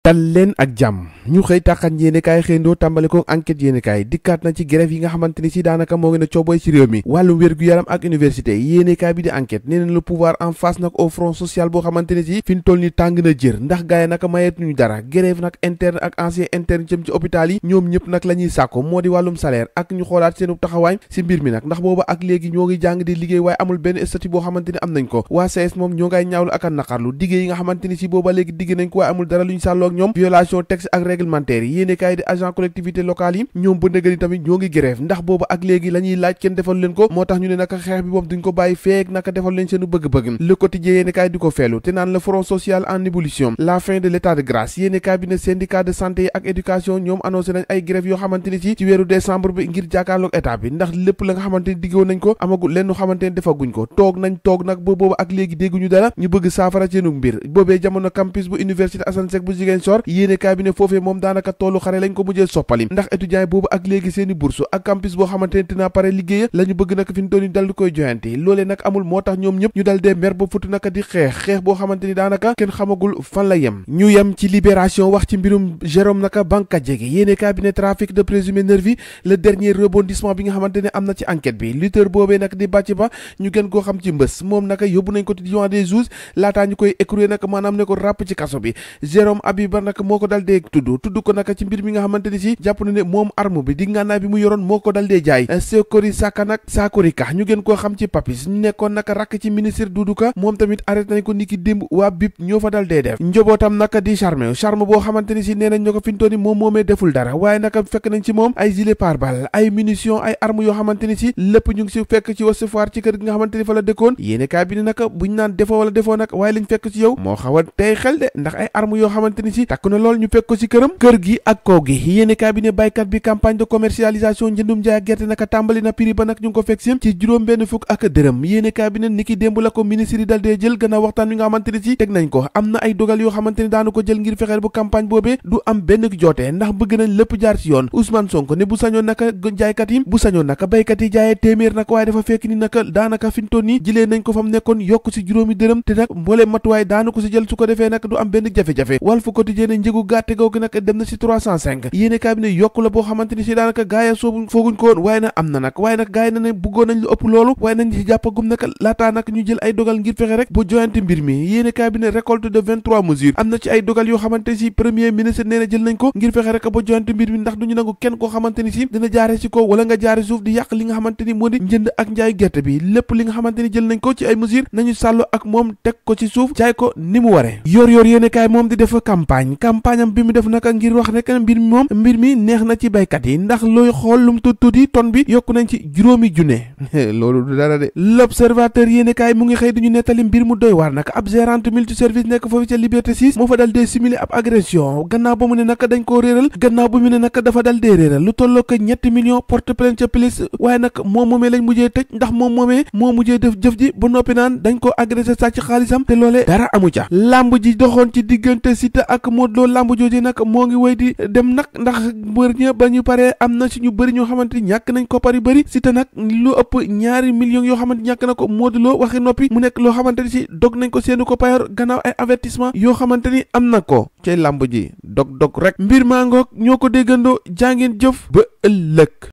dal leen ak jàmm ñu xëy tàqan yéenekaay xëyndoo tàmbale ko enquête yéenekaay dikkaat na ci grève yi nga xamante ni si daanaka moo ngi ne cooboy ci réew mi wàllum wér-gu-yaram ak université yéenekaay bi di enquête nee na le pouvoir en face nag au front social boo xamante ni si fi ni tàng na jër ndax gaay naka mayeetuñu dara grève nag interne ak ancien interne ci hôpital yi ñoom ñëpp nag la ñuy sàkko moo di wàllum salaire ak ñu xoolaat seenu taxawaay si mbir mi nag ndax booba jàng di liggéey waaye amul benn statut boo xamante ni a naqarlu diggée yi nga xamante si booba léegi digg nañ ko waaye amul dara luñ ak ñoom violation texte ak réglementaire yi yéene kaay di agent collectivité locale yi ñoom ba nëgëni tamit ñoo ngi grève ndax boobu ak léegi la laaj kenn defal leen ko moo tax ñu ne naka xeex bi moom duñ ko bàyyi feek naka defal leen seenu bëgg-bëgg le quotidien yéene kaay di ko feelu te naan le front social en ébullition la fin de l'état de grâce yéene kaay bi ne syndicat de santé ak éducation ñoom annoncé nañ ay grève yoo xamante ci ci Ziguinchor yéene kaay bi ne foofee moom daanaka toolu xare lañ ko mujjee soppali ndax étudiant yi boobu ak léegi seeni bourse ak campus boo xamante ne dinaa pare liggéeya la ñu bëgg nag fi ñu doon dal di koy joyante loolee nag amul moo tax ñoom ñëpp ñu dal dee mer ba futu naka daanaka kenn xamagul fan la yem ñu yem ci libération wax ci mbirum Jérôme naka banque jege yéene kaay bi ne trafic de présumé nervi le dernier rebondissement bi nga xamante ne am na ci enquête bi lutteur boobee nag di bàcc ba yóbbu nañ ko ci diwan des jours laataa ñu koy écroué nag maanaam ne ko ràpp ci ba nag moo ko dal dee tudd tudd ko naka ci mbir mi nga xamante si jàpp na ne moom arme bi di ngànnaay bi mu yoroon moo ko dal dee jaay eh, Sokori Saka nag Sakori Ka ñu gën koo xam ci papis ñu nekkoon naka rakk ci ministre Doudou moom tamit arrêté nañ ko niki démb waa bip ñoo fa dal dee def njobootam naka di charme charme boo xamante si nee ñoo ko fintoon moom moomee deful dara waaye naka fekk nañ ci moom ay gilet pare ay munitions si takk na lool ñu fekk ko si këram kër gi ak kaw gi yéenekaay bi ne baykat bi campagne de commercialisation njëndum jaay gerte naka tàmbali na prix ba nag ñu ko fekk si ci benn fukk ak dërëm yéenekaay bi ne niki démb la ko ministre dal dee jël gannaaw waxtaan wi nga xamante ne si teg nañ ko am na ay dogal yoo xamante ne daanu ko jël ngir fexeel bu campagne boobee du am benn joote ndax bëgg nañ lépp jaar si yoon Ousmane Sonko ne bu sañoon naka jaaykat yi bu sañoo naka baykat yi jaayee téeméer naka waaye dafa fekk ni naka daanaka fintoon ni jëlee nañ ko fam nekkoon yokk si juróomi dërëm te nag mboolee matuwaay daanu ko si jël su ko defee nag am benn jafe quotidien ne njëgu gàtte googu nag dem na si 305 bi ne yokku la boo xamante si daanaka gaay soobu fooguñ ko woon waaye nag am na nag waaye nag gaay na bëggoon nañ lu ëpp loolu waaye nañ jël nañ ko ngir fexe rek ba joyante mbir mi ndax duñu nangu kenn koo xamante si dina jaare si kaw wala nga jaare suuf di yàq li nga xamante moo di njënd ak njaay gerte bi lépp li nga xamante jël nañ ko ci ay mesures nañu sàllo ak moom teg ko ci campagne campagne am bi mu def naka ngir wax rek mbir mi moom mbir mi neex na ci béykat yi ndax looy xool lum tuut tuuti tonne bi yokku nañ ci juróomi junne loolu du dara de l'observateur yéene mu ngi xëy ñu nettali mbir mu doy waar nag ab gérante multiservice nekk foofu ca liberté 6 moo fa dal dee simuler ab agression gannaaw ba mu ne naka dañ koo réeral gannaaw ba mu ne naka dafa dal dee réeral lu tolloo ko ñetti million porte plainte ca police moo mujjee def jëf ji ba noppi naan dañ koo agressé sàcc xaalisam te loolee dara amu ca lamb Modou Lo lamb jooju nag moo ngi woy di dem nag ndax mbër ña ba ñu paree am na si ñu bëri ñoo xamante ni ñàkk nañ koppar yu bëri Siteu nag lu ëpp ñaari millions yoo xamante ñàkk na ko Modou Lo waxi noppi mu nekk loo xamante ni si dog nañ ko seenu ko payoor gannaaw ay avertissement yoo xamante ni am na ko ci lamb ji dog dog rek mbir maa ngoog ñoo ko déggandoo jàngeen jëf ba ëllëg